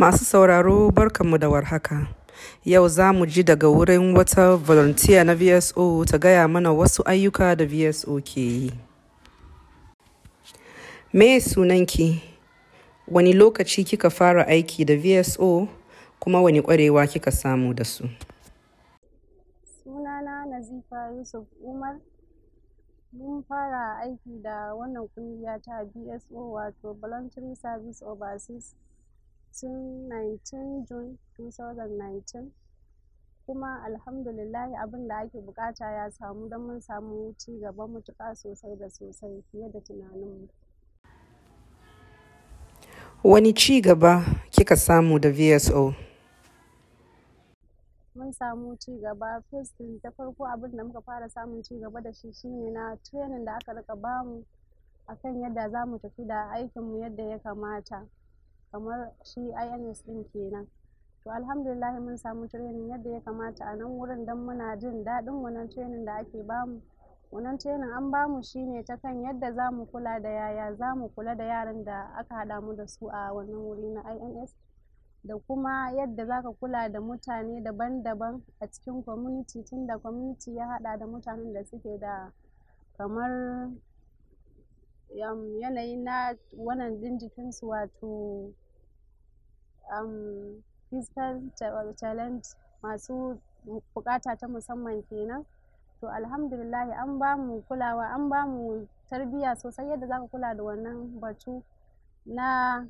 Masu sauraro barkanmu da warhaka. Yau za mu ji daga wurin wata volunteer na VSO ta gaya mana wasu ayyuka da VSO ke yi. Me sunanki? Wani lokaci kika fara aiki da VSO kuma wani kwarewa kika samu da su? Sunana Nazifa Yusuf Umar. Mun fara aiki da wannan kungiya ta BSO wato Voluntary Service Overseas 2019 June 2019 kuma alhamdulillah, abin da ake bukata ya samu don mun samu ci gaba matuƙa sosai da sosai fiye da tunaninmu. Wani ci gaba kika samu da VSO? Mun samu ci gaba firstly ta farko abin da muka fara samun ci gaba da shi shine na training da aka rika bamu akan yadda za mu tafi da aikinmu yadda ya kamata. kamar shi INS ɗin kenan to alhamdulillah mun samu training yadda ya kamata a nan wurin don muna jin daɗin wannan training da ake bamu wannan training an bamu shine ta kan yadda za mu kula da yaya za mu kula da yaran da aka haɗa mu da su a wannan wuri na INS da kuma yadda za ka kula da mutane daban-daban a cikin community tunda community ya haɗa da mutanen da suke da kamar Um, yanayi na wannan ɗin jikinsu wato um, physical talent masu bukata ta musamman kenan to alhamdulillahi an ba mu kulawa an ba mu tarbiya sosai yadda za ka kula da wannan batu na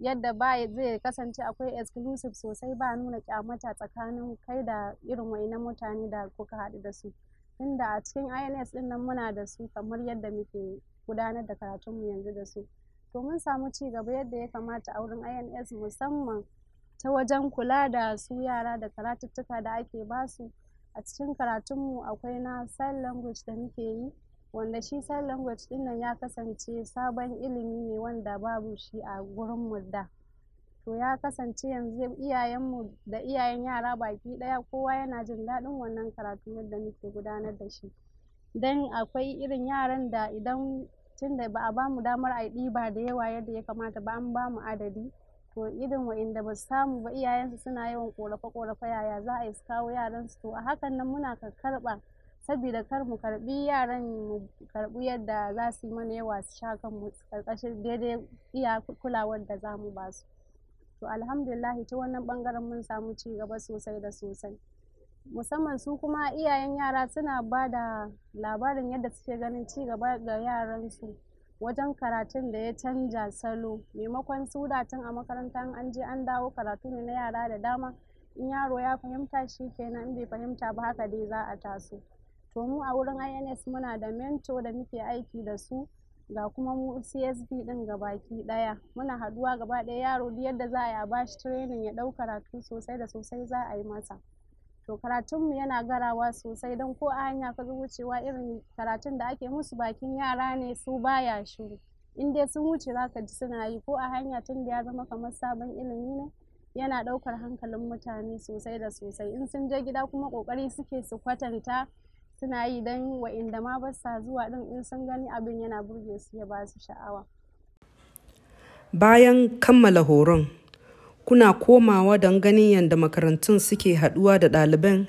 yadda ba zai kasance akwai exclusive sosai ba nuna kyamata tsakanin kai da irin na mutane da kuka haɗu da su tunda a cikin INS ɗin nan muna da su kamar yadda muke gudanar da karatunmu yanzu da su to mun samu ci gaba yadda ya kamata a wurin INS musamman ta wajen kula da su yara da karatuttuka da ake basu a cikin karatunmu akwai na sign language da muke yi wanda shi sign language din nan ya kasance sabon ilimi ne wanda babu shi a gurinmu da to ya kasance yanzu iyayenmu da iyayen yara baki ɗaya kowa yana jin daɗin wannan karatu yadda muke gudanar da shi dan akwai irin yaran da idan tunda ba a bamu damar a ba da yawa yadda ya kamata ba an bamu adadi to irin wa'inda ba su samu ba iyayensu suna yawan ƙorafe-ƙorafe yaya za a yi su kawo yaransu to a hakan nan muna karɓa sabida kar mu karɓi yaran mu karɓi yadda za su yi mana yawa su sha kanmu ƙarƙashin daidai iya kulawar da za mu ba to alhamdulillahi ta wannan ɓangaren mun samu cigaba sosai da sosai musamman su kuma iyayen yara suna ba da labarin yadda suke ganin ci gaba ga yaransu wajen karatun da ya canja salo maimakon su da tun a makaranta an je an dawo karatu ne na yara da dama in yaro ya fahimta shi kenan bai fahimta ba haka dai za a taso to mu a wurin INS muna da mento da muke aiki da su ga kuma mu CSB din gabaki daya muna haduwa gaba daya yaro yadda za a yi a bashi training ya dau karatu sosai da sosai za a yi masa to karatun mu yana garawa sosai don ko a hanya ka wucewa irin karatun da ake musu bakin yara ne su baya shiru in dai sun wuce za ka ji suna yi ko a hanya tun da ya zama kamar sabon ilimi ne yana ɗaukar hankalin mutane sosai da sosai in sun je gida kuma ƙoƙari suke su kwatanta suna yi don wa'inda ma ba sa zuwa ɗin in sun gani abin yana burge su ya ba su sha'awa bayan kammala horon kuna komawa don ganin yadda makarantun suke haɗuwa da ɗaliban?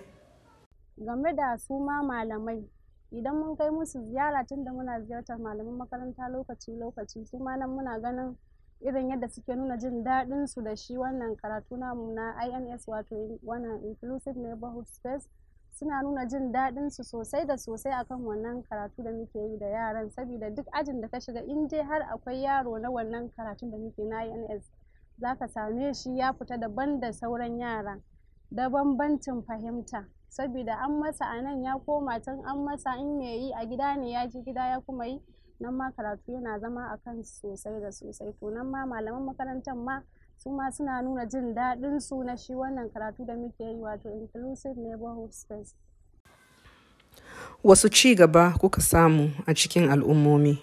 Game da su ma malamai, idan mun kai musu ziyara tun da muna ziyartar malaman makaranta lokaci-lokaci, su ma nan muna ganin irin yadda suke nuna jin daɗin da shi wannan karatu namu na INS wato wannan Inclusive Neighborhood Space suna nuna jin daɗin su sosai da sosai akan wannan karatu da muke yi da yaran saboda duk ajin da ka shiga in dai har akwai yaro na wannan karatun da muke na INS za ka same shi ya fita daban da sauran yara da bambancin fahimta sabida an masa a nan ya koma can an masa in mai yi a gida ne ya ji gida ya kuma yi nan ma karatu yana zama a kan sosai da sosai to nan ma malaman makarantar ma su ma suna nuna jin daɗin su na shi wannan karatu da muke yi wato inclusive neighborhood space wasu ci gaba kuka samu a cikin al'ummomi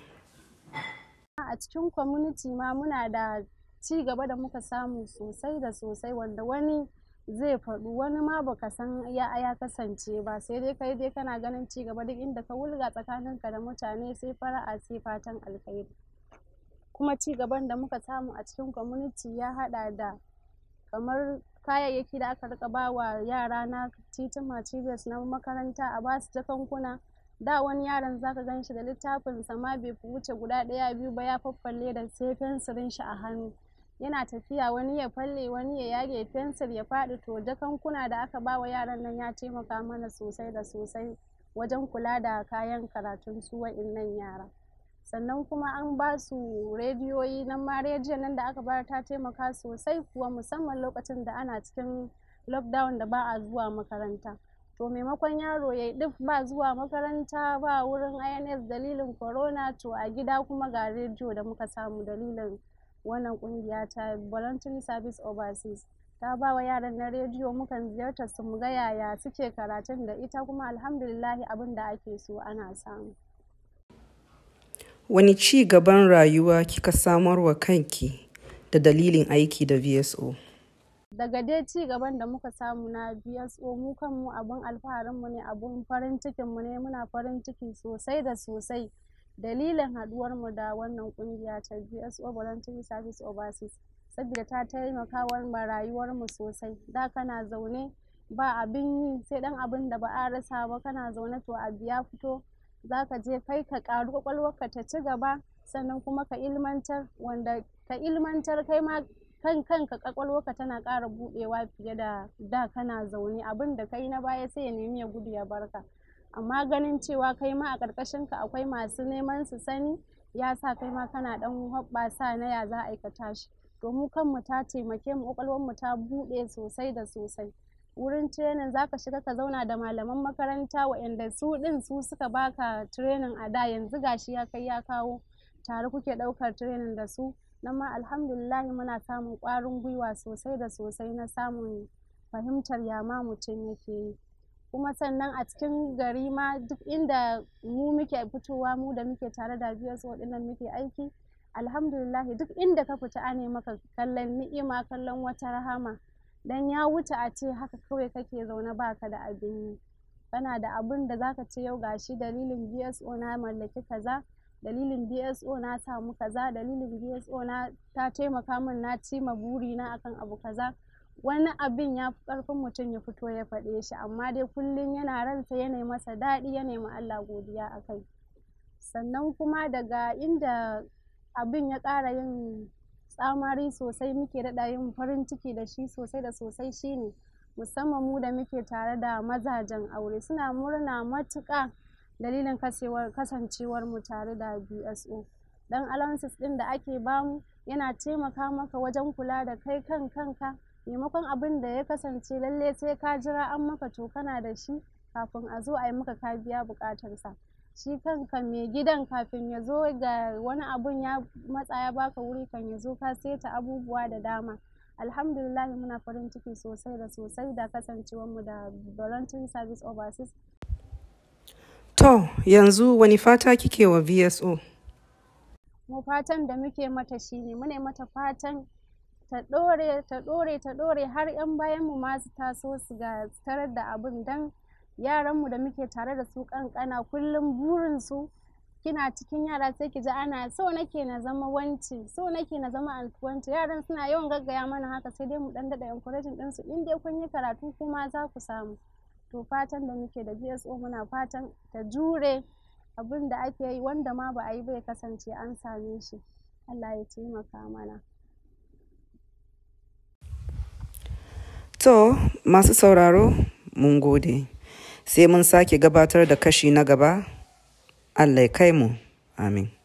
a cikin community ma muna da ci gaba da muka samu sosai da sosai wanda wani zai faɗu wani ma baka san ya ya kasance ba sai dai kai dai kana ganin ci gaba duk inda ka wulga tsakaninka da mutane sai fara'a sai fatan alkhairi kuma ci gaban da muka samu a cikin community ya haɗa da kamar kayayyaki da aka rika ba wa yara na titin materials na makaranta a basu jakankuna da wani yaron zaka gan shi da littafinsa ma bai wuce guda ɗaya biyu ba ya faffalle da sai fensirin shi a hannu yana tafiya wani ya falle wani ya yage fensir ya faɗi to jakankuna da aka ba wa yaran nan ya taimaka mana sosai da sosai wajen kula da kayan karatun su wa'innan yara sannan kuma an ba su rediyoyi nan ma nan da aka ba ta taimaka sosai kuwa musamman lokacin da ana cikin lockdown da ba a zuwa makaranta to maimakon yaro ya duk ba zuwa makaranta ba wurin ins dalilin corona to a gida kuma ga rediyo da muka samu dalilin wannan kungiya ta voluntary service overseas ta ba wa yaran na rediyo mukan ziyarta su mu ga yaya suke karatun da ita kuma alhamdulillahi abin da ake so ana samu wani ci gaban rayuwa kika samar wa kanki da dalilin aiki da vso daga dai ci gaban da muka samu na vso mu kanmu abin alfaharinmu ne abin farin cikinmu ne muna farin ciki sosai da sosai Dalilin haɗuwar mu da wannan ƙungiya ta GSO (Voluntary Service Overseas) saboda ta taimaka wa rayuwar mu sosai, da kana zaune ba abin yi sai dan abin da ba a rasa ba, kana zaune to a biya fito zaka je kai ka karu ƙwaƙwalwarka ta ci gaba, sannan kuma ka ilmantar wanda ka ilmantar kai ma kan kanka ƙwaƙwalwarka tana ƙara buɗewa fiye da da kana zaune, abin da kai na baya sai ya nemi ya gudu ya barka. amma ganin cewa kai ma a ka akwai masu neman su sani ya sa kai ma kana ɗan hoɓɓasa na ya za a aikata shi to mu kanmu ta taimake mu mu ta buɗe sosai da sosai wurin tirenin zaka shiga ka zauna da malaman makaranta waɗanda su ɗin su suka baka tirenin a da yanzu gashi ya kai ya kawo tare kuke ɗaukar tirenin da su nan ma alhamdulillah muna samun ƙwarin gwiwa sosai da sosai na samun fahimtar yama mutum yake yi kuma sannan a cikin gari ma duk inda mu muke fitowa mu da muke tare da biyas waɗannan muke aiki alhamdulillah duk inda ka fita ane maka kallon ni'ima kallon wata rahama dan ya wuce a ce haka kawai kake zaune baka da abin yi kana da abin da zaka ce yau gashi dalilin BSO na mallaki kaza dalilin BSO na samu kaza dalilin BSO na ta taimaka min na cima burina akan abu kaza wani abin ya fi ƙarfin mutum ya fito ya faɗe shi amma dai kullum yana ransa ya nemi masa daɗi ya nemi Allah godiya a kai sannan kuma daga inda abin ya ƙara yin tsamari sosai muke daɗa yin farin ciki da shi sosai da sosai shine musamman mu da muke tare da mazajen aure suna murna matuƙa dalilin kasancewar mu tare da BSO dan allowances ɗin da ake bamu yana taimaka maka wajen kula da kai kan kanka maimakon abin da ya kasance lalle sai ka jira an maka to kana da shi kafin a zo a yi maka kabiya biya shi kanka mai gidan kafin ya zo ga wani abun ya matsa ya baka wuri kan ya zo ka seta abubuwa da dama alhamdulillah muna farin ciki sosai da sosai da mu da volunteering service overseas to yanzu wani fata kike wa vso mu fatan da muke mata shine mune mata fatan ta ɗore ta ɗore ta ɗore har 'yan mu ma su taso su ga tarar da abin don mu da muke tare da su kankana kullum burinsu kina cikin yara sai ki ji ana so nake na zama wanci so nake na zama alkuwanci yaran suna yawan gaggaya mana haka sai dai mu dan dada encouraging ɗinsu in dai kun yi karatu kuma za ku samu to fatan da muke da BSO muna fatan ta jure abin da ake yi wanda ma ba a yi bai kasance an same shi Allah ya taimaka mana So masu sauraro, mun gode. Sai mun sake gabatar da kashi na gaba. Allah ya kai mu. Amin.